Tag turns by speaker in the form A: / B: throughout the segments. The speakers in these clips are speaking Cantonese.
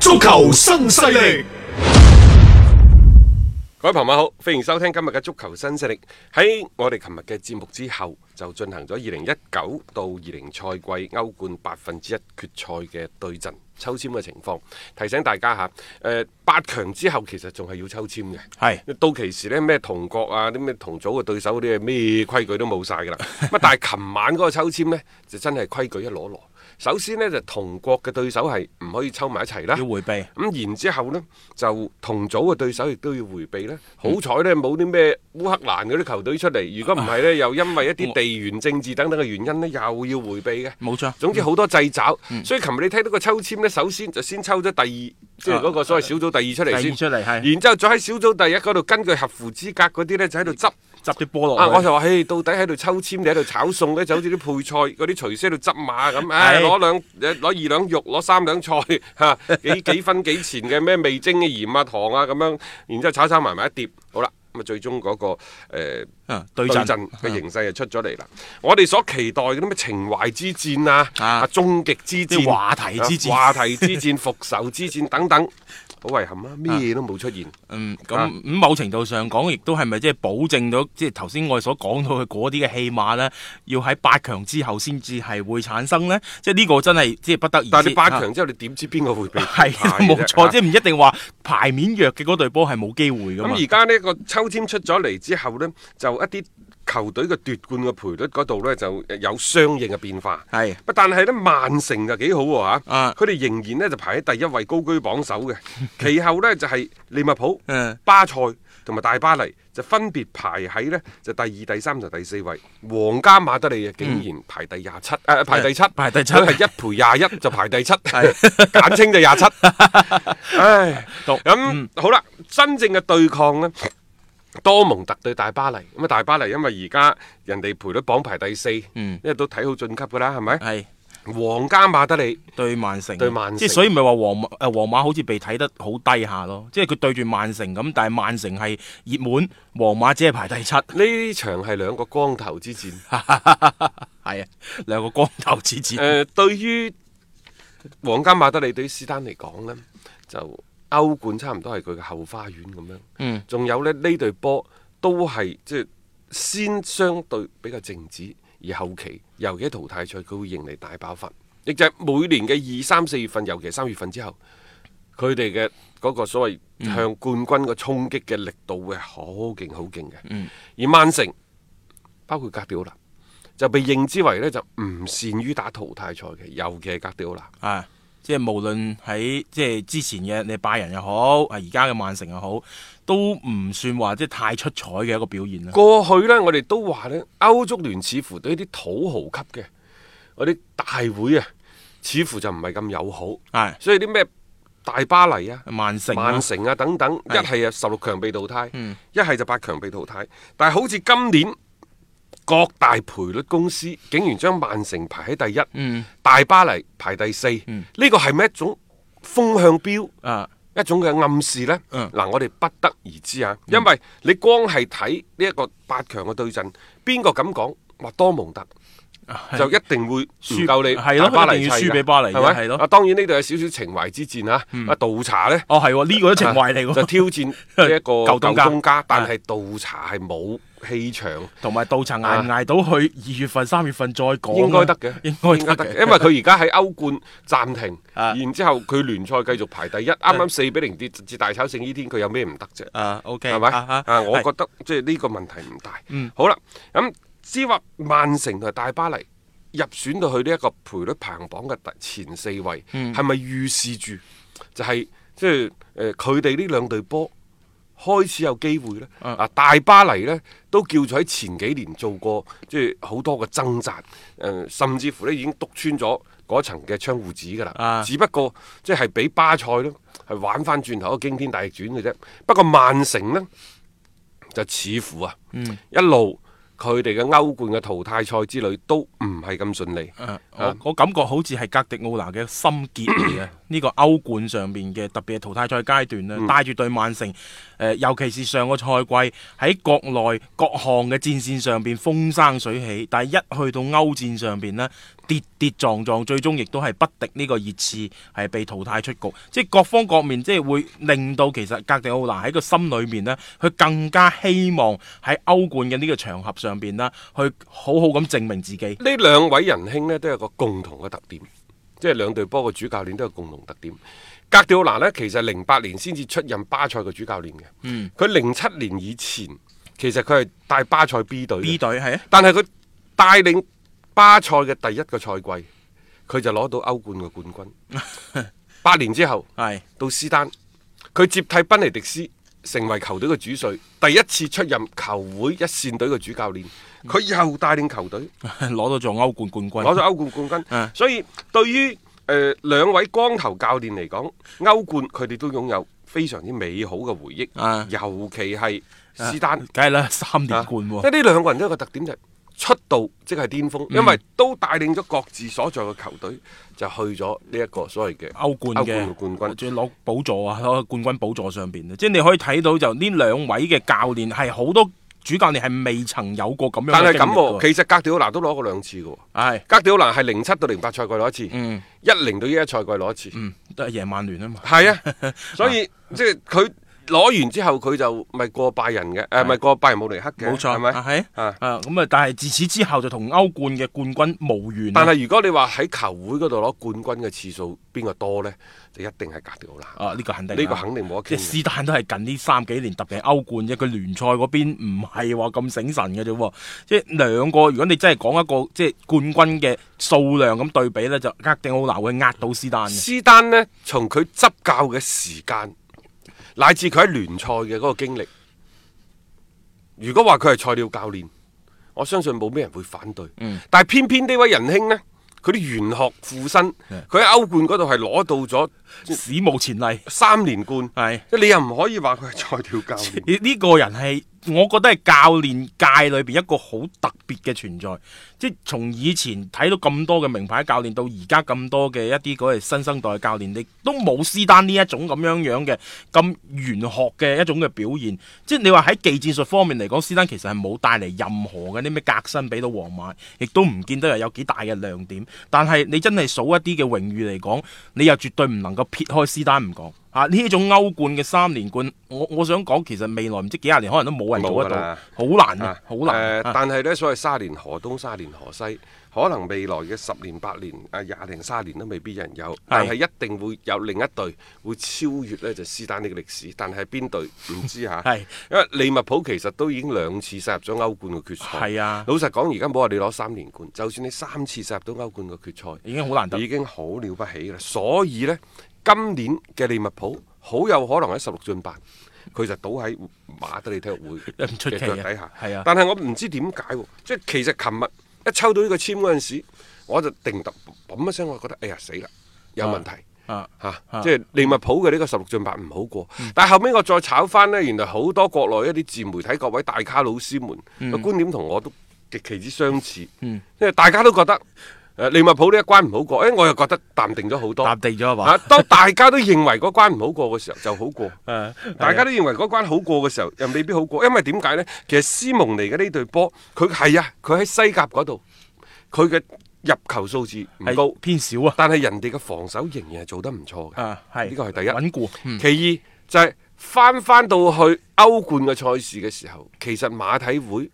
A: 足球新
B: 勢力，各位朋友好，歡迎收聽今日嘅足球新勢力。喺我哋琴日嘅節目之後，就進行咗二零一九到二零賽季歐冠百分之一決賽嘅對陣抽籤嘅情況。提醒大家吓，誒、呃、八強之後其實仲係要抽籤嘅，係是到期時呢咩同國啊，啲咩同組嘅對手啲咩規矩都冇晒噶啦。 但係琴晚嗰個抽籤呢，就真係規矩一攞攞。首先呢，就同國嘅對手係唔可以抽埋一齊啦，要回避。咁、嗯、然之後呢，就同組嘅對手亦都要回避啦。嗯、好彩呢，冇啲咩烏克蘭嗰啲球隊出嚟，如果唔係呢，啊、又因為一啲地緣政治等等嘅原因呢，哇又要回避嘅。
A: 冇錯，總之好
B: 多掣肘。嗯、所以琴日你聽到個抽籤呢，首先就先抽咗第二，嗯、即係嗰個所謂小組第二出嚟先，然之後再喺小組第一嗰度根據合符資格嗰啲呢，就喺度執。執啲菠蘿啊！我就話，誒，到底喺度抽籤你喺度炒餸咧？就好似啲配菜，嗰啲廚師喺度執碼咁，誒，攞兩攞二兩肉，攞三兩菜，吓、啊、幾幾分幾錢嘅咩味精、鹽啊、糖啊咁樣，然之後炒炒埋埋一碟，好啦，咁、那個呃、啊最終嗰個誒對陣嘅形勢就出咗嚟啦。啊、我哋所期待嗰啲咩情懷之戰啊，啊，終極、啊、之戰，啲話題之戰、啊，話題之戰，復 仇之戰等等。 好遺憾啊！咩嘢都冇出現。啊、
A: 嗯，咁咁、嗯、某程度上講，亦都係咪即係保證到，即係頭先我哋所講到嘅嗰啲嘅戲碼咧，要喺八強之後先至係會產生咧？即係呢個真係即係不得而知。但係你八強之
B: 後，啊、你點知邊個會被淘汰？係呀，冇錯，啊、即係唔
A: 一定話牌面弱嘅嗰隊波係冇機會
B: 噶嘛。咁而家呢個抽籤出咗嚟之後咧，就一啲球隊嘅奪冠嘅賠率嗰度呢，就有相應嘅變化。係，但係咧，曼城就幾好喎吓。啊，佢哋仍然呢就排喺第一位，高居榜首嘅，其後呢就係利物浦、巴塞同埋大巴黎就分別排喺呢就第二、第三同第四位。皇家馬德里竟然排第廿七，啊，排第七，排第七係一賠廿一，就排第七，簡稱就廿七。唉，咁好啦，真正嘅對抗呢。多蒙特對大巴黎，咁啊大巴黎因為而家人哋賠
A: 率榜排第四，嗯、因為都睇好晉級噶啦，係咪？係是。皇家馬德里對曼城，對曼城即係所以唔係話皇誒皇馬好似被睇得好低下咯，即係佢對住曼城咁，但係曼城係熱門，皇馬只係排第七。呢場係兩個光頭之戰，係 啊，兩個光頭之戰。誒、呃，對於
B: 皇家馬德里對於斯丹嚟講呢，就。歐冠差唔多係佢嘅後花園咁樣，仲、嗯、有呢呢隊波都係即係先相對比較靜止，而後期尤其淘汰賽佢會迎嚟大爆發，亦就係每年嘅二三四月份，尤其三月份之後，佢哋嘅嗰個所謂向冠軍嘅衝擊嘅力度會好勁好勁嘅，嗯、而曼城包括格迪奧拿，
A: 就被認知為呢就唔善於打淘汰賽嘅，尤其係格迪奧拿，係、啊。即係無論喺即係之前嘅你拜仁又好，啊而家嘅曼城又好，都唔算話即係太出彩嘅一個表現啦。
B: 過去呢，我哋都話呢，歐足聯似乎對啲土豪級嘅嗰啲大會啊，似乎就唔係咁友好。係是，所以啲咩大巴黎啊、曼城、啊、曼城啊等等，是一係啊十六強被淘汰，嗯、一係就八強被淘汰。但係好似今年。各大賠率公司竟然將曼城排喺第一，嗯、大巴黎排第四，呢、嗯、個係咪一種風向標啊？一種嘅暗示呢？嗱、啊，我哋不得而知啊，嗯、因為你光係睇呢一個八強嘅對陣，邊個敢講話多蒙特？就一定會輸夠你？係咯，一定要輸俾巴黎，係咪？係咯。啊，當然呢度有少少情懷之戰啊。啊，倒查咧，哦係，呢個情懷嚟，就挑戰一
A: 個舊東
B: 家，但係倒查係冇氣場，同埋倒查挨唔挨到去
A: 二月份，三月份再講，應該得嘅，應該得嘅。因為佢
B: 而家喺歐冠暫停，然之後佢聯賽繼續排第一，啱啱四比零跌至大炒勝呢天，佢有咩唔得啫？OK，係咪？啊，我覺得即係呢個問題唔大。好啦，咁。之話曼城同大巴黎入選到去呢一個賠率排行榜嘅前四位，係咪預示住就係即係誒，佢哋呢兩隊波開始有機會呢？啊，大巴黎呢都叫做喺前幾年做過即係好多嘅掙扎，誒、呃，甚至乎咧已經篤穿咗嗰層嘅窗戶紙噶啦。啊、只不過即係、就是、畀巴塞呢係玩翻轉頭一個驚天大逆轉嘅啫。不過曼城呢，就似乎啊、嗯、一路。佢哋嘅歐冠嘅淘汰賽之旅都唔係咁順利，啊
A: 我，啊、我感覺好似係格迪奧拿嘅心結嚟嘅。 呢個歐冠上邊嘅特別係淘汰賽階段咧，帶住、嗯、對曼城、呃，尤其是上個賽季喺國內各項嘅戰線上邊風生水起，但係一去到歐戰上邊呢跌跌撞撞，最終亦都係不敵呢個熱刺，係被淘汰出局。即係各方各面，即係會令到其實格迪奧拿喺個心裏面呢，佢更加希望喺歐冠嘅呢個場合上邊呢，去好好咁證明自己。呢
B: 兩位仁兄呢，都有個共同嘅特點。即係兩隊波嘅主教練都有共同特點。哥迪奧拿呢，其實零八年先至出任巴塞嘅主教練嘅。嗯。佢零七年以前其實佢係帶巴塞 B 隊。B 隊係。但係佢帶領巴塞嘅第一個賽季，佢就攞到歐冠嘅冠軍。八 年之後係的到斯丹，佢接替賓尼迪迪斯。成為球隊嘅主帥，第一次出任球會一線隊嘅主教練，佢又帶領球隊
A: 攞到咗歐冠冠軍，攞咗
B: 歐冠冠軍， 所以對於誒兩位光頭教練嚟講，歐冠佢哋都擁有非常之美好嘅回憶， 尤其係斯丹。梗係啦，三連冠、啊，即係呢兩個人都有個特點就係。出道即係巔峰，因為都帶領咗各自所在嘅球隊就去咗呢一個
A: 所謂嘅歐冠嘅冠軍，仲要攞寶座啊！攞冠軍寶座上邊咧，即係你可以睇到就呢兩位嘅教練係好多主教練係未曾有過咁樣，但係咁喎。其實
B: 格迪奧拿都攞過兩次嘅喎，的格迪奧拿係零七到零八賽季攞一次，once, 的嗯，一零到一一賽季攞一次，嗯，都係贏曼聯啊嘛，係的 啊，所以即係佢。攞完之後佢就咪過拜仁嘅，誒咪過拜仁慕尼黑嘅，冇一沒錯係咪？
A: 係啊咁啊！但係自此之後就同歐冠嘅冠軍無緣。但係
B: 如果你話喺球會嗰度攞冠軍嘅次數
A: 邊個多咧，就一定係格迪奧拿啦。啊，呢、這個肯定、哦，呢個肯定冇得傾。即係斯丹都係近呢三幾年特別歐冠啫，佢聯賽嗰邊唔係話咁醒神嘅啫喎。即係兩個，如果你真係講一個即係冠軍嘅數量咁對比咧，就格迪奧拿會呃到斯丹。斯丹呢，從佢執教嘅時間。乃至佢喺聯賽嘅嗰個
B: 經歷，如果話佢係菜鳥教練，我相信冇咩人會反對。嗯、但係偏偏呢位仁兄呢，佢啲玄學附身，佢喺、嗯、歐冠嗰度係
A: 攞到咗史無前例三連冠。係是你又唔可以話佢係菜鳥教練。呢個人係。我覺得係教練界裏邊一個好特別嘅存在，即係從以前睇到咁多嘅名牌教練到而家咁多嘅一啲嗰啲新生代教練，你都冇斯丹呢一種咁樣樣嘅咁玄學嘅一種嘅表現。即係你話喺技戰術方面嚟講，斯丹其實係冇帶嚟任何嘅啲咩革新俾到皇馬，亦都唔見得又有幾大嘅亮點。但係你真係數一啲嘅榮譽嚟講，你又絕對唔能夠撇開斯丹唔講。啊！呢種歐冠嘅三連冠，我我想講，其實未來唔知幾廿年，可能都冇人做得到，好難，好、啊、
B: 難。啊呃啊、但係呢，所謂卅年河東，卅年河西，可能未來嘅十年、八年、啊廿零三年都未必有人有，是但係一定會有另一隊會超越呢就是、斯坦尼歷史。但係邊隊唔知吓？ 是因為利物浦其實都已經兩次殺入咗歐冠嘅決賽。係啊，老實講，而家唔好話你攞三連冠，就算你三次殺入到歐冠嘅決賽，已經好難得，已經好了不起啦。所以呢。今年嘅利物浦好有可能喺十六進八，佢就倒喺馬德里體育會嘅腳底下。啊、但係我唔知點解，即係其實琴日一抽到呢個簽嗰陣時，我就定特嘣一聲，我覺得哎呀死啦，有問題吓！即係利物浦嘅呢個十六進八唔好過。嗯、但係後尾我再炒翻呢，原來好多國內一啲自媒體各位大咖老師們嘅、嗯、觀點同我都極其之相似。因為、嗯嗯、大家都覺得。誒利物浦呢一關唔好過，誒我又覺得淡定咗好多，淡定咗啊嘛！當大家都認為嗰關唔好過嘅時候， 就好過； 大家都認為嗰關好過嘅時候，又未必好過。因為點解呢？其實斯蒙尼嘅呢隊波，佢係啊，佢喺西甲嗰度，佢嘅入球數字唔高，偏少啊。但係人哋嘅防守仍然係做得唔錯嘅。呢個係第一穩固。過嗯、其二就係翻翻到去歐冠嘅賽事嘅時候，其實馬體會。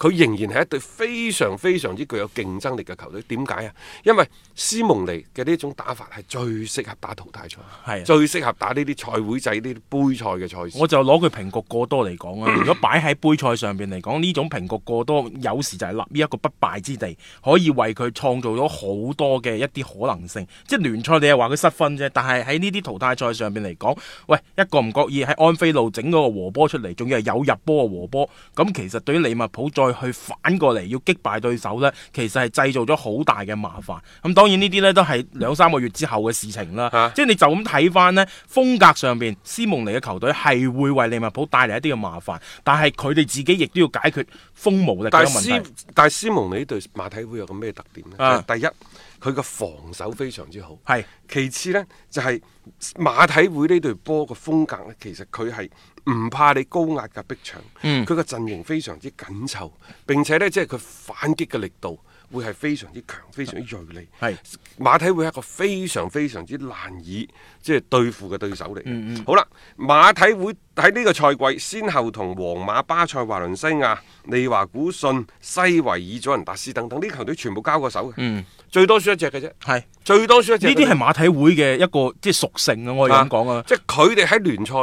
B: 佢仍然係一隊非常非常之具有競爭力嘅球隊，點解啊？因為斯蒙尼嘅呢種打法係最適合打淘汰賽，係的最適合打呢啲賽會制、呢啲杯賽嘅賽事。我就
A: 攞佢平局過多嚟講啊！ 如果擺喺杯賽上邊嚟講，呢種平局過多有時就係立於一個不敗之地，可以為佢創造咗好多嘅一啲可能性。即係聯賽你又話佢失分啫，但係喺呢啲淘汰賽上邊嚟講，喂一個唔覺意喺安菲路整嗰個和波出嚟，仲要係有入波嘅和波，咁其實對於利物浦再去反過嚟要擊敗對手呢，其實係製造咗好大嘅麻煩。咁當然呢啲呢，都係兩三個月之後嘅事情啦。即係、啊、你就咁睇翻呢風格上邊，斯蒙尼嘅球隊係會為利物浦帶嚟一啲嘅麻煩，但係佢哋自己亦都要解決鋒無力嘅問題。
B: 但係斯蒙尼對馬體會有個咩特點呢？啊、第一，佢嘅防守非常之好。係是，其次呢，就係、是、馬體會呢隊波嘅風格呢，其實佢係。唔怕你高壓嘅逼場，佢個陣型非常之緊湊，並且呢，即係佢反擊嘅力度會係非常之強，非常之鋭利。係馬體會一個非常非常之難以即係對付嘅對手嚟。嗯嗯。好啦，馬體會喺呢個賽季先後同皇馬、巴塞、華倫西亞、利華古信、西維爾、祖雲達斯等等啲球隊全部交過手嘅。嗯，最多輸一隻嘅啫。係是最多輸一隻。呢啲係馬
A: 體會嘅一個即係屬性啊！我咁講啊，
B: 即係佢哋喺聯賽。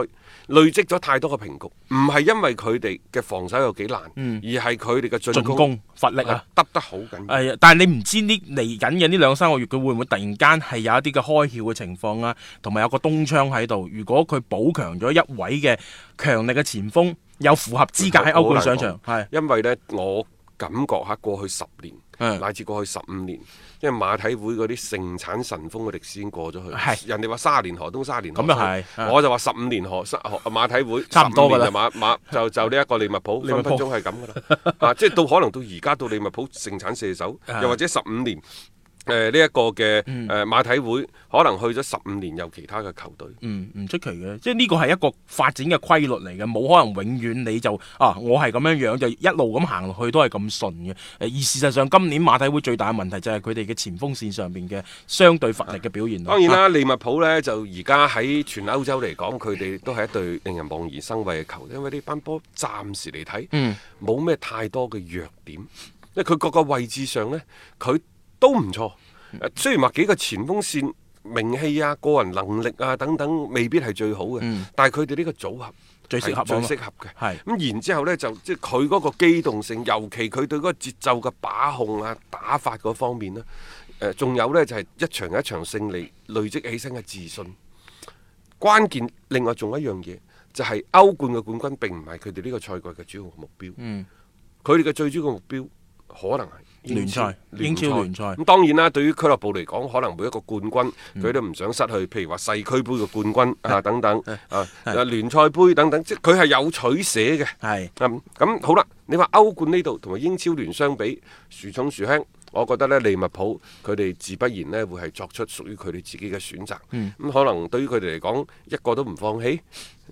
B: 累積咗太多嘅平局，唔係因為佢哋嘅防守又幾難，而係佢哋嘅進攻乏力啊，揼得好緊要。係啊，
A: 但係你唔知呢嚟緊嘅呢兩三個月，佢會唔會突然間係有一啲嘅開竅嘅情況啊？同埋有個東窗喺度，如果佢補強咗一位嘅強力嘅前鋒，有符合資格喺歐冠上場，
B: 係的因為呢。我。感覺嚇過去十年，乃至過去十五年，因為馬體會嗰啲盛產神風嘅歷史已經過咗去。人哋話三十年河東，三十年河，咁又係，我就話十五年河沙河馬體會，差唔多啦。馬馬就就呢一個物利物浦，分分鐘係咁噶啦。 啊，即係到可能到而家到利物浦盛產射手，又或者十五年。誒呢一個嘅誒、嗯呃、馬體會可能去咗
A: 十五年，有其他嘅球隊，嗯，唔出奇嘅，即係呢個係一個發展嘅規律嚟嘅，冇可能永遠你就啊，我係咁樣樣就一路咁行落去都係咁順嘅。而事實上今年馬體會最大嘅問題就係佢哋嘅前鋒線上邊嘅相對乏力嘅表現，啊。當然啦，啊、
B: 利物浦呢就而家喺全歐洲嚟講，佢哋都係一隊令人望而生畏嘅球，因為呢班波暫時嚟睇，冇咩、嗯、太多嘅弱點，因為佢各個位置上呢。佢。都唔錯、呃，雖然話幾個前鋒線名氣啊、個人能力啊等等，未必係最好嘅，嗯、但係佢哋呢個組合最適合最適合嘅。咁的然之後咧，就即係佢嗰個機動性，尤其佢對嗰個節奏嘅把控啊、打法嗰方面、呃、呢，誒，仲有呢就係、是、一場一場勝利累積起身嘅自信。關鍵，另外仲有一樣嘢就係、是、歐冠嘅冠軍，並唔係佢哋呢個賽季嘅主要目標。佢哋嘅最主要目標可能係。
A: 聯賽、英超聯賽，咁
B: 賽當然啦。對於俱樂部嚟講，可能每一個冠軍，佢、嗯、都唔想失去。譬如話世俱杯嘅冠軍、嗯、啊，等等 啊，是聯賽杯等等，即佢係有取捨嘅。係咁是、嗯、好啦。你話歐冠呢度同埋英超聯相比，孰重孰輕，我覺得呢，利物浦佢哋自不然呢會係作出屬於佢哋自己嘅選擇。咁、嗯嗯、可能對於佢哋嚟講，一個都唔放棄，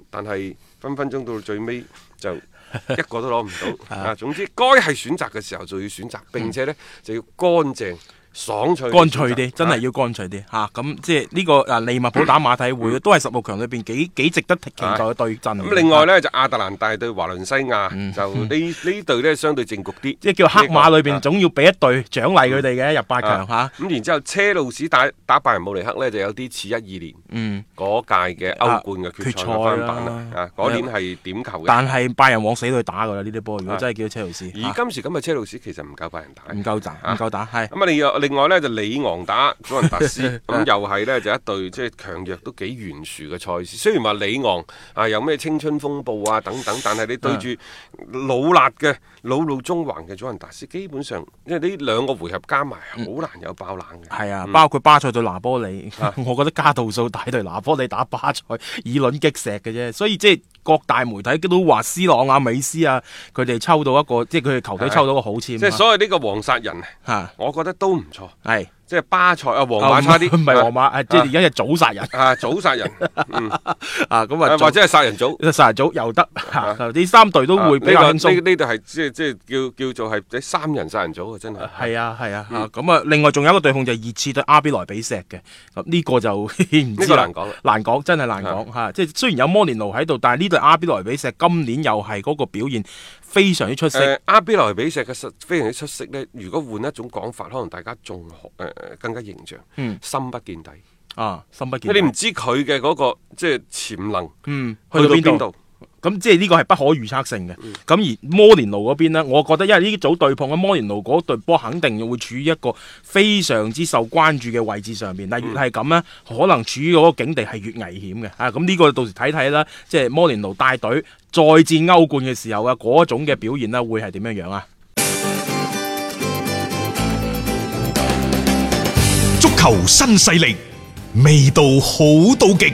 B: 但係分分鐘到最尾就。 一個都攞唔到啊！總之，該係選擇嘅時候就要選擇，並且呢就要乾淨。爽脆，乾脆啲，
A: 真係要乾脆啲嚇。咁即係呢個啊利物浦打馬體會都係十六強裏邊幾幾值得期待嘅對陣。咁另外
B: 呢，就亞特蘭大對華倫西亞，就呢呢隊呢，相對正局啲。即係叫黑馬裏邊
A: 總要俾一隊獎勵佢哋嘅入八強嚇。
B: 咁然之後車路士打打拜仁慕尼黑呢，就有啲似一二年嗰屆嘅歐冠嘅決賽啦。啊，嗰年係點球，但係
A: 拜仁往死佢打㗎啦呢啲波，如果真係叫到車路士。而今時咁嘅車路
B: 士其實唔夠拜仁
A: 打，唔夠掙，唔夠打係。咁
B: 啊，你另外咧就是、里昂打祖仁達斯，咁又係咧，就一隊即係強弱都幾懸殊嘅賽事。雖然話里昂啊有咩青春風暴啊等等，但係你對住老辣嘅老老中橫嘅祖仁達斯，基本上因為呢兩個回合加埋好難有爆冷嘅。係啊，嗯、包括巴
A: 塞對拿波里，啊、我覺得加道數大隊拿波里打巴塞以卵擊石嘅啫。所以即係各大媒體都話 C 朗啊、美斯啊，佢哋抽到一個即係佢哋球隊抽到個好簽。即係、啊就是、所
B: 以呢個黃殺人啊，
A: 我覺得都唔。錯
B: 係，即係巴塞啊，皇馬差啲，佢唔係皇馬，誒，即係而家係早殺人，啊，早殺人，啊，咁啊，或者係殺人組，
A: 殺人組又得，吓，呢三隊都會比較呢呢
B: 隊係即係即係叫叫做係三人殺人組啊，真係，
A: 係啊係啊，咁啊，另外仲有一個對碰就係熱刺對阿比萊比錫嘅，咁呢個就唔知啦，難講，真係難講吓，即係雖然有摩連奴喺度，但係呢隊阿比萊比錫今年又係嗰個表現。非常之出色。呃、
B: 阿比萊比錫嘅實非常之出色咧。如果換一種講法，可能大家仲誒、呃、更加形象。嗯，深不見底啊，深不見底。啊、見底你唔知佢嘅、嗰個即係潛能。
A: 嗯，去到邊度？咁即係呢個係不可預測性嘅。咁、嗯、而摩連奴嗰邊呢，我覺得因為呢組對碰，咁摩連奴嗰隊波肯定會處於一個非常之受關注嘅位置上面。但越係咁呢，嗯、可能處於嗰個境地係越危險嘅，吓，咁呢個到時睇睇啦，即係摩連奴帶隊再戰歐冠嘅時候啊，嗰種嘅表現呢會係點樣樣啊？足球新勢力，味道好到極。